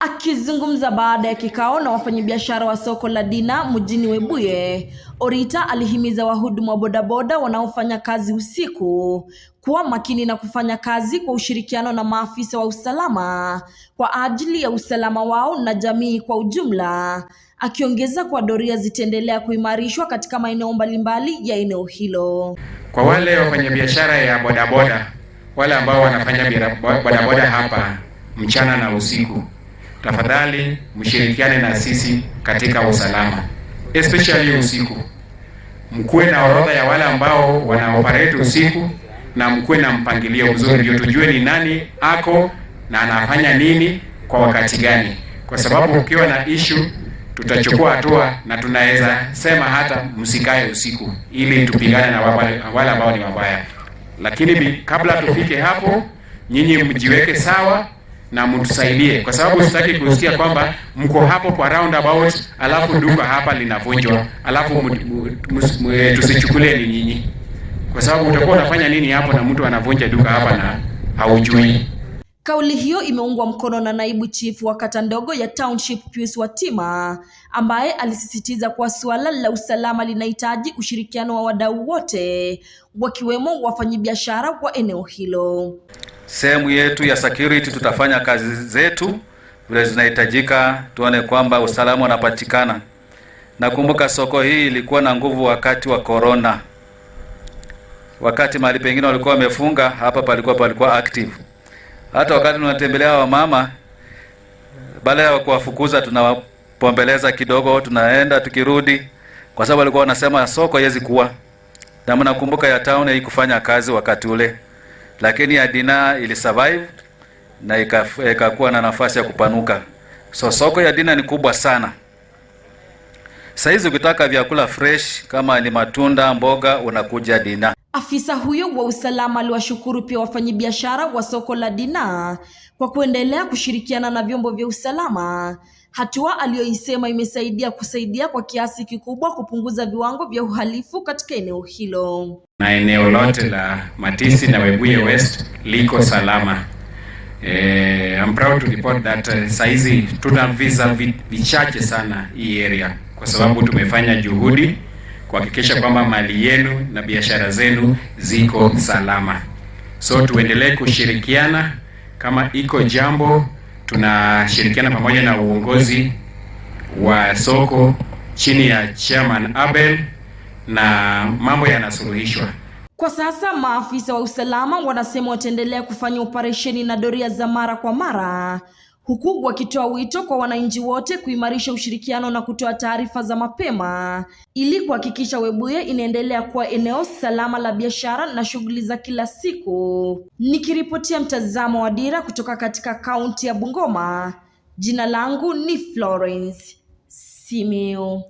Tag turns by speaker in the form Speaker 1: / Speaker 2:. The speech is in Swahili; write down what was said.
Speaker 1: Akizungumza baada ya kikao na wafanyabiashara wa soko la Dina mjini Webuye, Orita alihimiza wahudumu wa bodaboda wanaofanya kazi usiku kuwa makini na kufanya kazi kwa ushirikiano na maafisa wa usalama kwa ajili ya usalama wao na jamii kwa ujumla, akiongeza kuwa doria zitaendelea kuimarishwa katika maeneo mbalimbali ya eneo hilo.
Speaker 2: Kwa wale wafanyabiashara ya bodaboda, wale ambao wanafanya bodaboda hapa mchana na usiku tafadhali mshirikiane na sisi katika usalama, especially usiku. Mkuwe na orodha ya wale ambao wanaoperate usiku na mkuwe na mpangilio mzuri, ndio tujue ni nani ako na anafanya nini kwa wakati gani, kwa sababu ukiwa na issue tutachukua hatua na tunaweza sema hata msikae usiku, ili tupigane na wale ambao ni wabaya. Lakini kabla tufike hapo, nyinyi mjiweke sawa na mtusaidie, kwa sababu sitaki kusikia kwamba mko hapo kwa roundabout, alafu duka hapa linavunjwa, alafu eh, tusichukulie ni nyinyi, kwa sababu utakuwa unafanya nini hapo na mtu anavunja duka hapa na haujui.
Speaker 1: Kauli hiyo imeungwa mkono na naibu chifu wa kata ndogo ya Township Pius Watima, ambaye alisisitiza kuwa suala la usalama linahitaji ushirikiano wa wadau wote, wakiwemo wafanyabiashara wa eneo hilo
Speaker 2: sehemu yetu ya security, tutafanya kazi zetu vile zinahitajika, tuone kwamba usalama unapatikana. Nakumbuka soko hii ilikuwa na nguvu wakati wa corona, wakati mahali pengine walikuwa wamefunga, hapa palikuwa palikuwa active. Hata wakati tunatembelea wamama, baada ya kuwafukuza tunawapombeleza kidogo, tunaenda tukirudi, kwa sababu walikuwa wanasema soko haiwezi kuwa na. Mnakumbuka ya town haikufanya kazi wakati ule lakini Adina survive na ikakuwa na nafasi ya kupanuka. So soko ya Adina ni kubwa sana. Saizi ukitaka vyakula fresh kama ni matunda, mboga, unakuja Dina.
Speaker 1: Afisa huyo wa usalama aliwashukuru pia wafanyabiashara wa soko la Dina kwa kuendelea kushirikiana na vyombo vya usalama, hatua aliyoisema imesaidia kusaidia kwa kiasi kikubwa kupunguza viwango vya uhalifu katika eneo hilo.
Speaker 2: Na eneo lote la Matisi na Webuye West liko salama. Eh, I'm proud to report that uh, saizi tuna visa vichache sana hii area kwa sababu tumefanya juhudi kuhakikisha kwamba mali yenu na biashara zenu ziko salama. So tuendelee kushirikiana, kama iko jambo tunashirikiana pamoja na uongozi wa soko chini ya Chairman Abel na mambo yanasuluhishwa.
Speaker 1: Kwa sasa maafisa wa usalama wanasema wataendelea kufanya operesheni na doria za mara kwa mara huku wakitoa wito kwa wananchi wote kuimarisha ushirikiano na kutoa taarifa za mapema ili kuhakikisha Webuye inaendelea kuwa eneo salama la biashara na shughuli za kila siku. Nikiripotia mtazamo wa Dira kutoka katika kaunti ya Bungoma, jina langu ni Florence Simio.